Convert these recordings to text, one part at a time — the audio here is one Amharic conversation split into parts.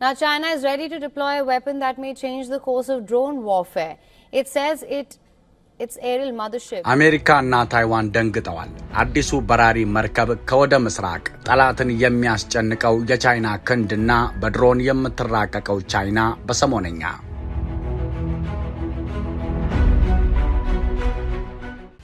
Now, China is ready to deploy a weapon that may change the course of drone warfare. It says it አሜሪካና ታይዋን ደንግጠዋል። አዲሱ በራሪ መርከብ ከወደ ምስራቅ ጠላትን የሚያስጨንቀው የቻይና ክንድና በድሮን የምትራቀቀው ቻይና በሰሞነኛ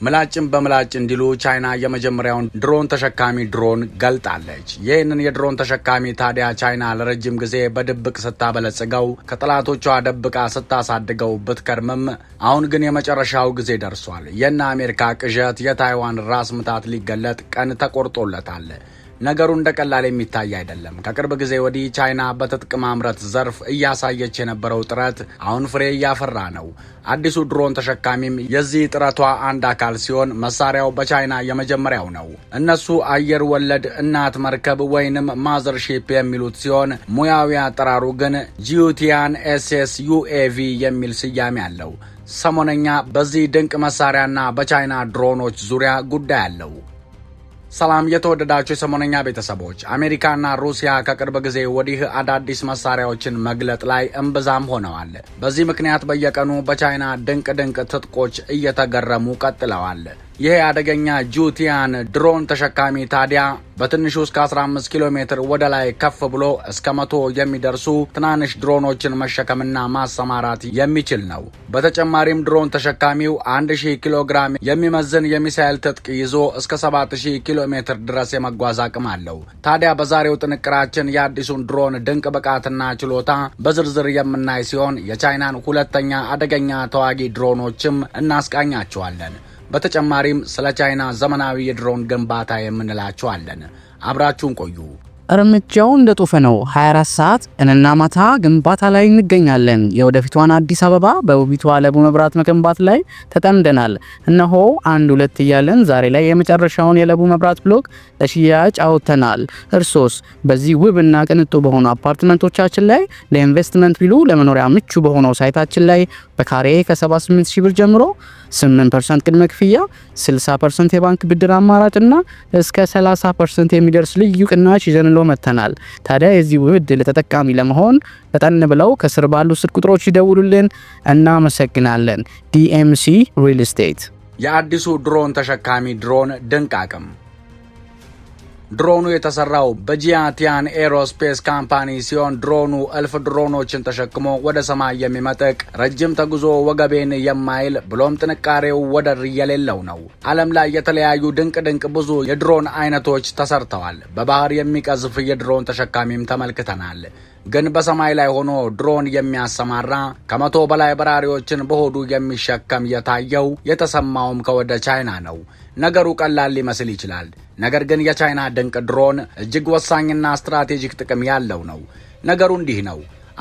ምላጭን በምላጭ እንዲሉ ቻይና የመጀመሪያውን ድሮን ተሸካሚ ድሮን ገልጣለች። ይህንን የድሮን ተሸካሚ ታዲያ ቻይና ለረጅም ጊዜ በድብቅ ስታበለጽገው ከጠላቶቿ ደብቃ ስታሳድገው ብትከርምም አሁን ግን የመጨረሻው ጊዜ ደርሷል። የነ አሜሪካ ቅዠት የታይዋን ራስ ምታት ሊገለጥ ቀን ተቆርጦለታል። ነገሩ እንደ ቀላል የሚታይ አይደለም። ከቅርብ ጊዜ ወዲህ ቻይና በትጥቅ ማምረት ዘርፍ እያሳየች የነበረው ጥረት አሁን ፍሬ እያፈራ ነው። አዲሱ ድሮን ተሸካሚም የዚህ ጥረቷ አንድ አካል ሲሆን መሳሪያው በቻይና የመጀመሪያው ነው። እነሱ አየር ወለድ እናት መርከብ ወይንም ማዘርሺፕ የሚሉት ሲሆን ሙያዊ አጠራሩ ግን ጂዩቲያን ኤስኤስ ዩኤቪ የሚል ስያሜ አለው። ሰሞነኛ በዚህ ድንቅ መሳሪያና በቻይና ድሮኖች ዙሪያ ጉዳይ አለው። ሰላም የተወደዳቸው የሰሞነኛ ቤተሰቦች፣ አሜሪካና ሩሲያ ከቅርብ ጊዜ ወዲህ አዳዲስ መሳሪያዎችን መግለጥ ላይ እምብዛም ሆነዋል። በዚህ ምክንያት በየቀኑ በቻይና ድንቅ ድንቅ ትጥቆች እየተገረሙ ቀጥለዋል። ይህ አደገኛ ጁቲያን ድሮን ተሸካሚ ታዲያ በትንሹ እስከ 15 ኪሎ ሜትር ወደ ላይ ከፍ ብሎ እስከ መቶ የሚደርሱ ትናንሽ ድሮኖችን መሸከምና ማሰማራት የሚችል ነው። በተጨማሪም ድሮን ተሸካሚው 1000 ኪሎ ግራም የሚመዝን የሚሳይል ትጥቅ ይዞ እስከ 7000 ኪሎ ሜትር ድረስ የመጓዝ አቅም አለው። ታዲያ በዛሬው ጥንቅራችን የአዲሱን ድሮን ድንቅ ብቃትና ችሎታ በዝርዝር የምናይ ሲሆን የቻይናን ሁለተኛ አደገኛ ተዋጊ ድሮኖችም እናስቃኛቸዋለን። በተጨማሪም ስለ ቻይና ዘመናዊ የድሮን ግንባታ የምንላቸው አለን። አብራችሁን ቆዩ። እርምጃው እንደጦፈ ነው። 24 ሰዓት ቀንና ማታ ግንባታ ላይ እንገኛለን። የወደፊቷን አዲስ አበባ በውቢቷ ለቡ መብራት መገንባት ላይ ተጠምደናል። እነሆ አንድ ሁለት እያለን ዛሬ ላይ የመጨረሻውን የለቡ መብራት ብሎክ ለሽያጭ አውጥተናል። እርሶስ በዚህ ውብና ቅንጡ በሆኑ አፓርትመንቶቻችን ላይ ለኢንቨስትመንት ቢሉ ለመኖሪያ ምቹ በሆነው ሳይታችን ላይ በካሬ ከ78 ሺህ ብር ጀምሮ 8% ቅድመ ክፍያ፣ 60% የባንክ ብድር አማራጭ እና እስከ 30% የሚደርስ ልዩ ቅናሽ ይዘን ዘሎ መጥተናል። ታዲያ የዚህ ውህድ ለተጠቃሚ ለመሆን ፈጠን ብለው ከስር ባሉ ስልክ ቁጥሮች ይደውሉልን። እናመሰግናለን። ዲኤምሲ ሪል ስቴት። የአዲሱ ድሮን ተሸካሚ ድሮን ድንቅ አቅም ድሮኑ የተሰራው በጂያቲያን ኤሮስፔስ ካምፓኒ ሲሆን ድሮኑ እልፍ ድሮኖችን ተሸክሞ ወደ ሰማይ የሚመጥቅ ረጅም ተጉዞ ወገቤን የማይል ብሎም ጥንካሬው ወደር የሌለው ነው። ዓለም ላይ የተለያዩ ድንቅ ድንቅ ብዙ የድሮን አይነቶች ተሰርተዋል። በባህር የሚቀዝፍ የድሮን ተሸካሚም ተመልክተናል። ግን በሰማይ ላይ ሆኖ ድሮን የሚያሰማራ ከመቶ በላይ በራሪዎችን በሆዱ የሚሸከም የታየው የተሰማውም ከወደ ቻይና ነው። ነገሩ ቀላል ሊመስል ይችላል። ነገር ግን የቻይና ድንቅ ድሮን እጅግ ወሳኝና ስትራቴጂክ ጥቅም ያለው ነው። ነገሩ እንዲህ ነው።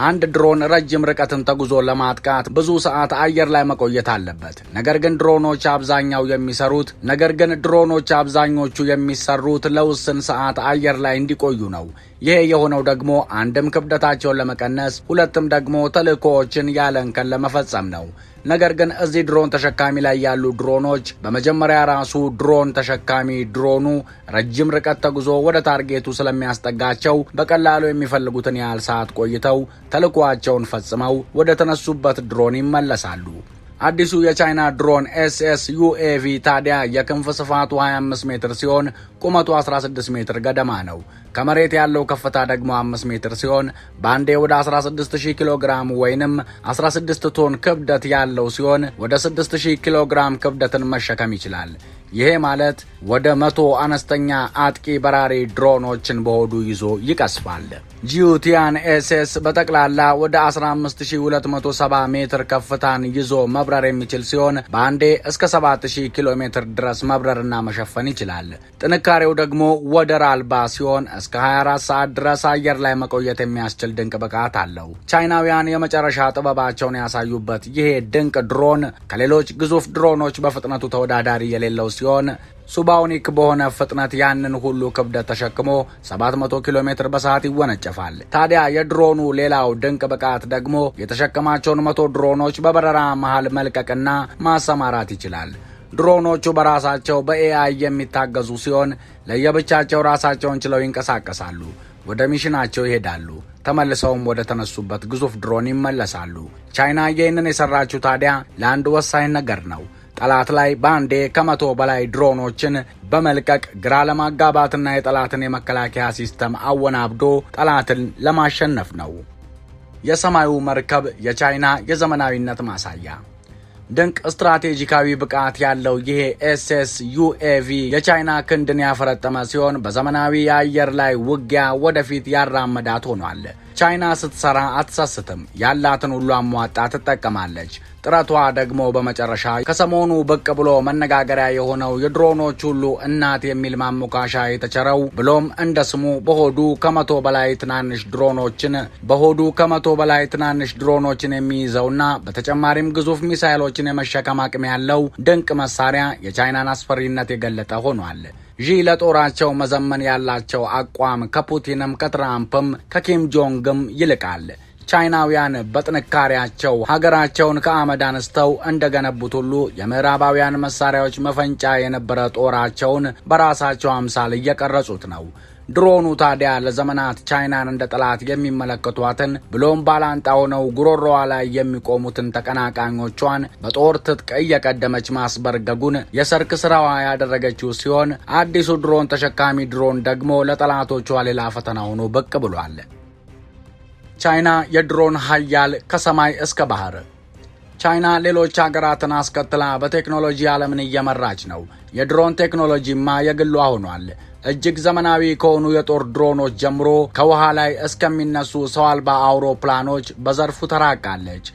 አንድ ድሮን ረጅም ርቀትን ተጉዞ ለማጥቃት ብዙ ሰዓት አየር ላይ መቆየት አለበት። ነገር ግን ድሮኖች አብዛኛው የሚሰሩት ነገር ግን ድሮኖች አብዛኞቹ የሚሰሩት ለውስን ሰዓት አየር ላይ እንዲቆዩ ነው። ይሄ የሆነው ደግሞ አንድም ክብደታቸውን ለመቀነስ፣ ሁለትም ደግሞ ተልዕኮዎችን ያለ እንከን ለመፈጸም ነው። ነገር ግን እዚህ ድሮን ተሸካሚ ላይ ያሉ ድሮኖች በመጀመሪያ ራሱ ድሮን ተሸካሚ ድሮኑ ረጅም ርቀት ተጉዞ ወደ ታርጌቱ ስለሚያስጠጋቸው በቀላሉ የሚፈልጉትን ያህል ሰዓት ቆይተው ተልዕኳቸውን ፈጽመው ወደ ተነሱበት ድሮን ይመለሳሉ። አዲሱ የቻይና ድሮን ኤስኤስ ዩኤቪ ታዲያ የክንፍ ስፋቱ 25 ሜትር ሲሆን ቁመቱ 16 ሜትር ገደማ ነው። ከመሬት ያለው ከፍታ ደግሞ 5 ሜትር ሲሆን በአንዴ ወደ 16000 ኪሎ ግራም ወይንም 16 ቶን ክብደት ያለው ሲሆን ወደ 6000 ኪሎ ግራም ክብደትን መሸከም ይችላል። ይሄ ማለት ወደ መቶ አነስተኛ አጥቂ በራሪ ድሮኖችን በሆዱ ይዞ ይቀስፋል። ጂዩቲያን ኤስኤስ በጠቅላላ ወደ 15270 ሜትር ከፍታን ይዞ መብረር የሚችል ሲሆን በአንዴ እስከ 7000 ኪሎ ሜትር ድረስ መብረርና መሸፈን ይችላል። ጥንካሬው ደግሞ ወደር አልባ ሲሆን እስከ 24 ሰዓት ድረስ አየር ላይ መቆየት የሚያስችል ድንቅ ብቃት አለው። ቻይናውያን የመጨረሻ ጥበባቸውን ያሳዩበት ይሄ ድንቅ ድሮን ከሌሎች ግዙፍ ድሮኖች በፍጥነቱ ተወዳዳሪ የሌለው ሲሆን ሱባውኒክ በሆነ ፍጥነት ያንን ሁሉ ክብደት ተሸክሞ 700 ኪሎ ሜትር በሰዓት ይወነጨፋል። ታዲያ የድሮኑ ሌላው ድንቅ ብቃት ደግሞ የተሸከማቸውን መቶ ድሮኖች በበረራ መሃል መልቀቅና ማሰማራት ይችላል። ድሮኖቹ በራሳቸው በኤአይ የሚታገዙ ሲሆን ለየብቻቸው ራሳቸውን ችለው ይንቀሳቀሳሉ፣ ወደ ሚሽናቸው ይሄዳሉ፣ ተመልሰውም ወደ ተነሱበት ግዙፍ ድሮን ይመለሳሉ። ቻይና ይህንን የሰራችው ታዲያ ለአንድ ወሳኝ ነገር ነው። ጠላት ላይ በአንዴ ከመቶ በላይ ድሮኖችን በመልቀቅ ግራ ለማጋባትና የጠላትን የመከላከያ ሲስተም አወናብዶ ጠላትን ለማሸነፍ ነው። የሰማዩ መርከብ የቻይና የዘመናዊነት ማሳያ ድንቅ ስትራቴጂካዊ ብቃት ያለው ይሄ ኤስኤስ ዩኤቪ የቻይና ክንድን ያፈረጠመ ሲሆን በዘመናዊ የአየር ላይ ውጊያ ወደፊት ያራመዳት ሆኗል። ቻይና ስትሰራ አትሰስትም፣ ያላትን ሁሉ አሟጣ ትጠቀማለች። ጥረቷ ደግሞ በመጨረሻ ከሰሞኑ ብቅ ብሎ መነጋገሪያ የሆነው የድሮኖች ሁሉ እናት የሚል ማሞካሻ የተቸረው ብሎም እንደ ስሙ በሆዱ ከመቶ በላይ ትናንሽ ድሮኖችን በሆዱ ከመቶ በላይ ትናንሽ ድሮኖችን የሚይዘውና በተጨማሪም ግዙፍ ሚሳይሎችን የመሸከም አቅም ያለው ድንቅ መሳሪያ የቻይናን አስፈሪነት የገለጠ ሆኗል። ዢ ለጦራቸው መዘመን ያላቸው አቋም ከፑቲንም ከትራምፕም ከኪም ጆንግ ከመገምገም ይልቃል። ቻይናውያን በጥንካሬያቸው ሀገራቸውን ከአመድ አንስተው እንደገነቡት ሁሉ የምዕራባውያን መሳሪያዎች መፈንጫ የነበረ ጦራቸውን በራሳቸው አምሳል እየቀረጹት ነው። ድሮኑ ታዲያ ለዘመናት ቻይናን እንደ ጠላት የሚመለከቷትን ብሎም ባላንጣ ሆነው ጉሮሮዋ ላይ የሚቆሙትን ተቀናቃኞቿን በጦር ትጥቅ እየቀደመች ማስበርገጉን የሰርክ ስራዋ ያደረገችው ሲሆን አዲሱ ድሮን ተሸካሚ ድሮን ደግሞ ለጠላቶቿ ሌላ ፈተና ሆኖ ብቅ ብሏል። ቻይና የድሮን ሀያል ከሰማይ እስከ ባህር። ቻይና ሌሎች ሀገራትን አስከትላ በቴክኖሎጂ ዓለምን እየመራች ነው። የድሮን ቴክኖሎጂማ የግሏ ሆኗል። እጅግ ዘመናዊ ከሆኑ የጦር ድሮኖች ጀምሮ ከውሃ ላይ እስከሚነሱ ሰው አልባ አውሮፕላኖች በዘርፉ ተራቃለች።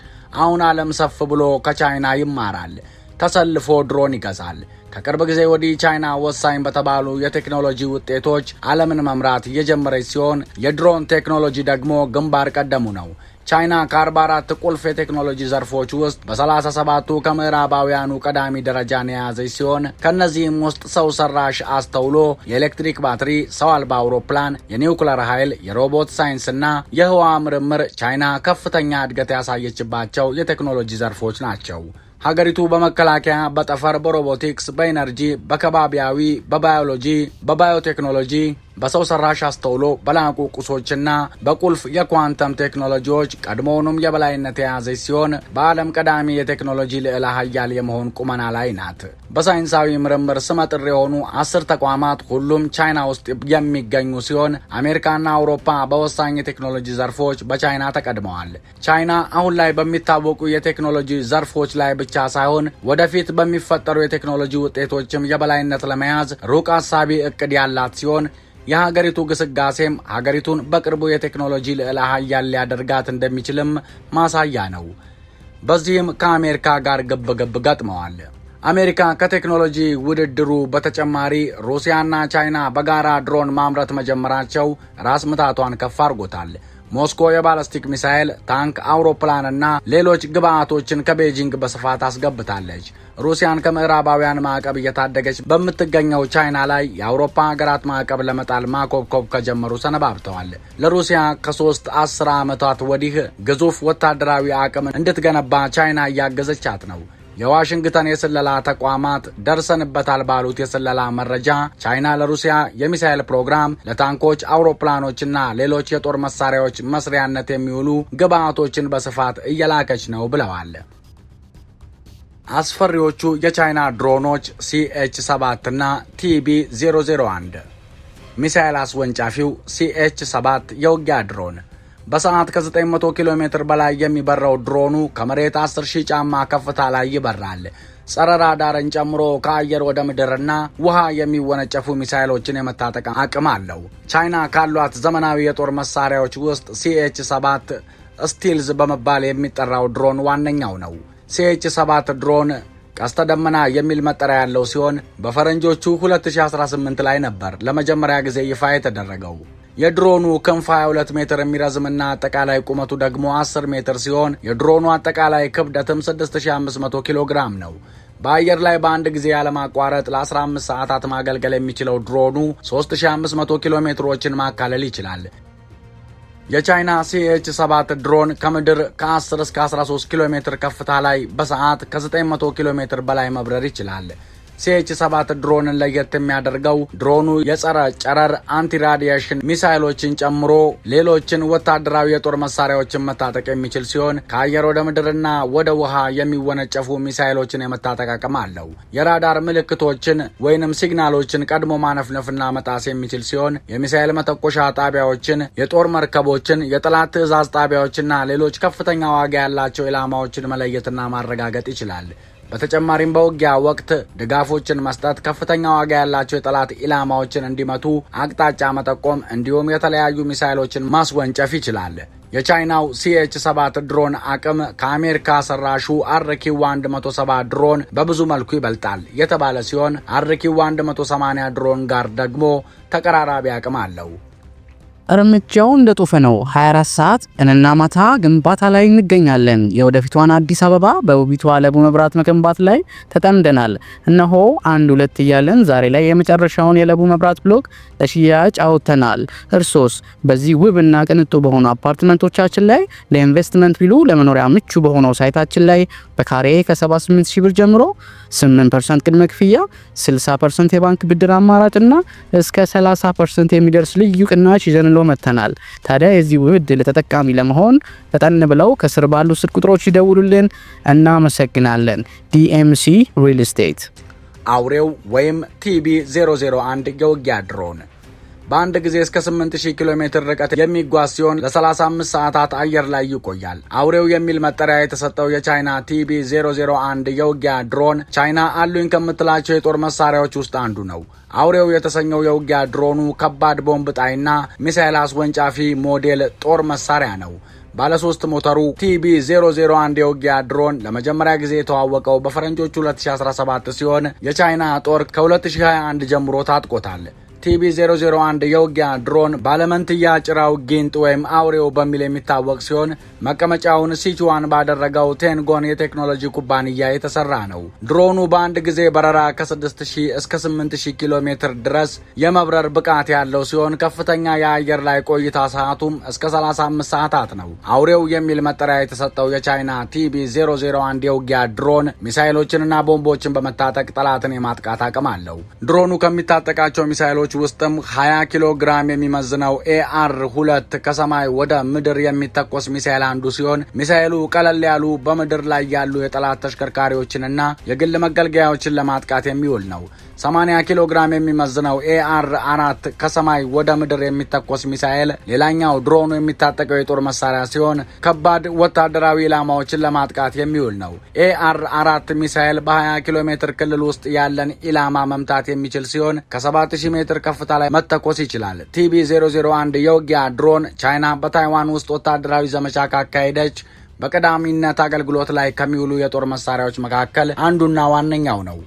አሁን ዓለም ሰፍ ብሎ ከቻይና ይማራል። ተሰልፎ ድሮን ይገዛል። ከቅርብ ጊዜ ወዲህ ቻይና ወሳኝ በተባሉ የቴክኖሎጂ ውጤቶች ዓለምን መምራት እየጀመረች ሲሆን የድሮን ቴክኖሎጂ ደግሞ ግንባር ቀደሙ ነው። ቻይና ከ44 ቁልፍ የቴክኖሎጂ ዘርፎች ውስጥ በ37ቱ ከምዕራባውያኑ ቀዳሚ ደረጃን የያዘች ሲሆን ከእነዚህም ውስጥ ሰው ሰራሽ አስተውሎ፣ የኤሌክትሪክ ባትሪ፣ ሰው አልባ አውሮፕላን፣ የኒውክለር ኃይል፣ የሮቦት ሳይንስና የህዋ ምርምር ቻይና ከፍተኛ እድገት ያሳየችባቸው የቴክኖሎጂ ዘርፎች ናቸው። ሀገሪቱ በመከላከያ፣ በጠፈር፣ በሮቦቲክስ፣ በኢነርጂ፣ በከባቢያዊ፣ በባዮሎጂ፣ በባዮቴክኖሎጂ በሰው ሰራሽ አስተውሎ በላቁ ቁሶችና በቁልፍ የኳንተም ቴክኖሎጂዎች ቀድሞውኑም የበላይነት የያዘች ሲሆን በዓለም ቀዳሚ የቴክኖሎጂ ልዕለ ሀያል የመሆን ቁመና ላይ ናት። በሳይንሳዊ ምርምር ስመጥር የሆኑ አስር ተቋማት ሁሉም ቻይና ውስጥ የሚገኙ ሲሆን አሜሪካና አውሮፓ በወሳኝ የቴክኖሎጂ ዘርፎች በቻይና ተቀድመዋል። ቻይና አሁን ላይ በሚታወቁ የቴክኖሎጂ ዘርፎች ላይ ብቻ ሳይሆን ወደፊት በሚፈጠሩ የቴክኖሎጂ ውጤቶችም የበላይነት ለመያዝ ሩቅ አሳቢ እቅድ ያላት ሲሆን የሀገሪቱ ግስጋሴም ሀገሪቱን በቅርቡ የቴክኖሎጂ ልዕለ ሀያል ሊያደርጋት እንደሚችልም ማሳያ ነው። በዚህም ከአሜሪካ ጋር ገብ ገብ ገጥመዋል። አሜሪካ ከቴክኖሎጂ ውድድሩ በተጨማሪ ሩሲያና ቻይና በጋራ ድሮን ማምረት መጀመራቸው ራስ ምታቷን ከፍ አድርጎታል። ሞስኮ የባለስቲክ ሚሳይል፣ ታንክ፣ አውሮፕላን እና ሌሎች ግብዓቶችን ከቤጂንግ በስፋት አስገብታለች። ሩሲያን ከምዕራባውያን ማዕቀብ እየታደገች በምትገኘው ቻይና ላይ የአውሮፓ ሀገራት ማዕቀብ ለመጣል ማኮብኮብ ከጀመሩ ሰነባብተዋል። ለሩሲያ ከሶስት አስር ዓመታት ወዲህ ግዙፍ ወታደራዊ አቅም እንድትገነባ ቻይና እያገዘቻት ነው። የዋሽንግተን የስለላ ተቋማት ደርሰንበታል ባሉት የስለላ መረጃ ቻይና ለሩሲያ የሚሳይል ፕሮግራም ለታንኮች፣ አውሮፕላኖችና ሌሎች የጦር መሳሪያዎች መስሪያነት የሚውሉ ግብዓቶችን በስፋት እየላከች ነው ብለዋል። አስፈሪዎቹ የቻይና ድሮኖች ሲኤች 7 እና ቲቢ 001 ሚሳይል አስወንጫፊው ሲኤች 7 የውጊያ ድሮን በሰዓት ከ900 ኪሎ ሜትር በላይ የሚበረው ድሮኑ ከመሬት 10 ሺህ ጫማ ከፍታ ላይ ይበራል። ጸረ ራዳርን ጨምሮ ከአየር ወደ ምድርና ውሃ የሚወነጨፉ ሚሳይሎችን የመታጠቅ አቅም አለው። ቻይና ካሏት ዘመናዊ የጦር መሳሪያዎች ውስጥ ሲኤች 7 ስቲልዝ በመባል የሚጠራው ድሮን ዋነኛው ነው። ሲኤች 7 ድሮን ቀስተ ደመና የሚል መጠሪያ ያለው ሲሆን በፈረንጆቹ 2018 ላይ ነበር ለመጀመሪያ ጊዜ ይፋ የተደረገው። የድሮኑ ክንፍ 22 ሜትር የሚረዝምና አጠቃላይ ቁመቱ ደግሞ 10 ሜትር ሲሆን የድሮኑ አጠቃላይ ክብደትም 6500 ኪሎ ግራም ነው። በአየር ላይ በአንድ ጊዜ ያለማቋረጥ ለ15 ሰዓታት ማገልገል የሚችለው ድሮኑ 3500 ኪሎ ሜትሮችን ማካለል ይችላል። የቻይና ሲኤች 7 ድሮን ከምድር ከ10 እስከ 13 ኪሎ ሜትር ከፍታ ላይ በሰዓት ከ900 ኪሎ ሜትር በላይ መብረር ይችላል። ሲኤች ሰባት ድሮንን ለየት የሚያደርገው ድሮኑ የጸረ ጨረር አንቲ ራዲየሽን ሚሳይሎችን ጨምሮ ሌሎችን ወታደራዊ የጦር መሳሪያዎችን መታጠቅ የሚችል ሲሆን ከአየር ወደ ምድርና ወደ ውሃ የሚወነጨፉ ሚሳይሎችን የመታጠቅ አቅም አለው። የራዳር ምልክቶችን ወይንም ሲግናሎችን ቀድሞ ማነፍነፍና መጣስ የሚችል ሲሆን የሚሳይል መተኮሻ ጣቢያዎችን፣ የጦር መርከቦችን፣ የጠላት ትዕዛዝ ጣቢያዎችና ሌሎች ከፍተኛ ዋጋ ያላቸው ኢላማዎችን መለየትና ማረጋገጥ ይችላል። በተጨማሪም በውጊያ ወቅት ድጋፎችን መስጠት፣ ከፍተኛ ዋጋ ያላቸው የጠላት ኢላማዎችን እንዲመቱ አቅጣጫ መጠቆም እንዲሁም የተለያዩ ሚሳይሎችን ማስወንጨፍ ይችላል። የቻይናው ሲኤች 7 ድሮን አቅም ከአሜሪካ ሰራሹ አርኪው 170 ድሮን በብዙ መልኩ ይበልጣል የተባለ ሲሆን አርኪው 180 ድሮን ጋር ደግሞ ተቀራራቢ አቅም አለው። እርምጃው እንደጦፈ ነው። 24 ሰዓት ቀንና ማታ ግንባታ ላይ እንገኛለን። የወደፊቷን አዲስ አበባ በውቢቷ ለቡ መብራት መገንባት ላይ ተጠምደናል። እነሆ አንድ ሁለት እያለን ዛሬ ላይ የመጨረሻውን የለቡ መብራት ብሎክ ለሽያጭ አውጥተናል። እርሶስ በዚህ ውብ እና ቅንጡ በሆኑ አፓርትመንቶቻችን ላይ ለኢንቨስትመንት ቢሉ ለመኖሪያ ምቹ በሆነው ሳይታችን ላይ በካሬ ከ78 ሺ ብር ጀምሮ 8% ቅድመ ክፍያ፣ 60% የባንክ ብድር አማራጭና እስከ 30% የሚደርስ ልዩ ቅናሽ ይዘን ዘሎ መጥተናል። ታዲያ የዚህ ውህድ ተጠቃሚ ለመሆን ፈጠን ብለው ከስር ባሉ ስልክ ቁጥሮች ይደውሉልን። እናመሰግናለን። ዲኤምሲ ሪል ስቴት አውሬው ወይም ቲቢ 001 የውጊያ ድሮን በአንድ ጊዜ እስከ 8000 ኪሎ ሜትር ርቀት የሚጓዝ ሲሆን ለ35 ሰዓታት አየር ላይ ይቆያል። አውሬው የሚል መጠሪያ የተሰጠው የቻይና ቲቢ 001 የውጊያ ድሮን ቻይና አሉኝ ከምትላቸው የጦር መሳሪያዎች ውስጥ አንዱ ነው። አውሬው የተሰኘው የውጊያ ድሮኑ ከባድ ቦምብ ጣይና ሚሳይል አስወንጫፊ ሞዴል ጦር መሳሪያ ነው። ባለሶስት ሞተሩ ቲቢ 001 የውጊያ ድሮን ለመጀመሪያ ጊዜ የተዋወቀው በፈረንጆቹ 2017 ሲሆን የቻይና ጦር ከ2021 ጀምሮ ታጥቆታል። ቲቢ001 የውጊያ ድሮን ባለመንትያ ጭራው ጊንጥ ወይም አውሬው በሚል የሚታወቅ ሲሆን መቀመጫውን ሲቹዋን ባደረገው ቴንጎን የቴክኖሎጂ ኩባንያ የተሰራ ነው። ድሮኑ በአንድ ጊዜ በረራ ከ6000 እስከ 8000 ኪሎ ሜትር ድረስ የመብረር ብቃት ያለው ሲሆን ከፍተኛ የአየር ላይ ቆይታ ሰዓቱም እስከ 35 ሰዓታት ነው። አውሬው የሚል መጠሪያ የተሰጠው የቻይና ቲቢ001 የውጊያ ድሮን ሚሳይሎችንና ቦምቦችን በመታጠቅ ጠላትን የማጥቃት አቅም አለው። ድሮኑ ከሚታጠቃቸው ሚሳይሎች ውስጥም 20 ኪሎ ግራም የሚመዝነው ኤአር ሁለት ከሰማይ ወደ ምድር የሚተኮስ ሚሳኤል አንዱ ሲሆን ሚሳኤሉ ቀለል ያሉ በምድር ላይ ያሉ የጠላት ተሽከርካሪዎችንና የግል መገልገያዎችን ለማጥቃት የሚውል ነው። 80 ኪሎ ግራም የሚመዝነው ኤአር አራት ከሰማይ ወደ ምድር የሚተኮስ ሚሳኤል፣ ሌላኛው ድሮኑ የሚታጠቀው የጦር መሳሪያ ሲሆን ከባድ ወታደራዊ ኢላማዎችን ለማጥቃት የሚውል ነው። ኤአር አራት ሚሳኤል በ20 ኪሎ ሜትር ክልል ውስጥ ያለን ኢላማ መምታት የሚችል ሲሆን ከ7000 ሜትር ከፍታ ላይ መተኮስ ይችላል። ቲቢ 001 የውጊያ ድሮን ቻይና በታይዋን ውስጥ ወታደራዊ ዘመቻ ካካሄደች በቀዳሚነት አገልግሎት ላይ ከሚውሉ የጦር መሳሪያዎች መካከል አንዱና ዋነኛው ነው።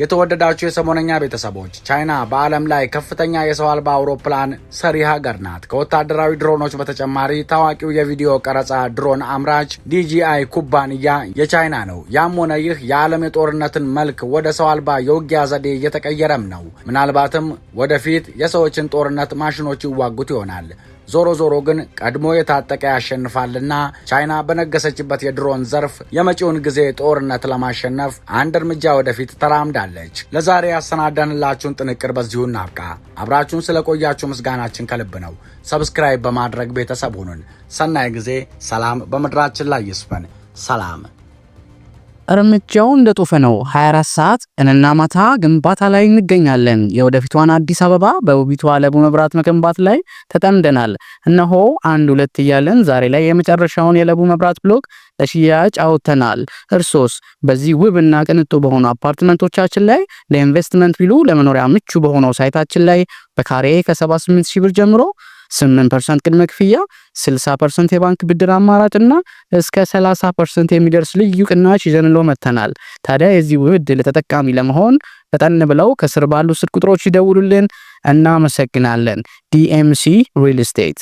የተወደዳችሁ የሰሞነኛ ቤተሰቦች ቻይና በዓለም ላይ ከፍተኛ የሰው አልባ አውሮፕላን ሰሪ ሀገር ናት። ከወታደራዊ ድሮኖች በተጨማሪ ታዋቂው የቪዲዮ ቀረጻ ድሮን አምራች ዲጂአይ ኩባንያ የቻይና ነው። ያም ሆነ ይህ የዓለም የጦርነትን መልክ ወደ ሰው አልባ የውጊያ ዘዴ እየተቀየረም ነው። ምናልባትም ወደፊት የሰዎችን ጦርነት ማሽኖች ይዋጉት ይሆናል። ዞሮ ዞሮ ግን ቀድሞ የታጠቀ ያሸንፋልና ቻይና በነገሰችበት የድሮን ዘርፍ የመጪውን ጊዜ ጦርነት ለማሸነፍ አንድ እርምጃ ወደፊት ተራምዳለች። ለዛሬ ያሰናዳንላችሁን ጥንቅር በዚሁ እናብቃ። አብራችሁን ስለቆያችሁ ምስጋናችን ከልብ ነው። ሰብስክራይብ በማድረግ ቤተሰብ ሁኑን። ሰናይ ጊዜ። ሰላም በምድራችን ላይ ይስፈን። ሰላም እርምጃው እንደጦፈ ነው። 24 ሰዓት ቀንና ማታ ግንባታ ላይ እንገኛለን። የወደፊቷን አዲስ አበባ በውቢቷ ለቡ መብራት መገንባት ላይ ተጠምደናል። እነሆ አንድ ሁለት እያለን ዛሬ ላይ የመጨረሻውን የለቡ መብራት ብሎክ ለሽያጭ አውጥተናል። እርሶስ በዚህ ውብ እና ቅንጡ በሆኑ አፓርትመንቶቻችን ላይ ለኢንቨስትመንት ቢሉ ለመኖሪያ ምቹ በሆነው ሳይታችን ላይ በካሬ ከ78 ሺህ ብር ጀምሮ 8 ፐርሰንት ቅድመ ክፍያ፣ 60 ፐርሰንት የባንክ ብድር አማራጭ እና እስከ 30 ፐርሰንት የሚደርስ ልዩ ቅናሽ ይዘንሎ መተናል። ታዲያ የዚህ እድል ተጠቃሚ ለመሆን ፈጠን ብለው ከስር ባሉ ስልክ ቁጥሮች ይደውሉልን። እናመሰግናለን። ዲኤምሲ ሪል ስቴት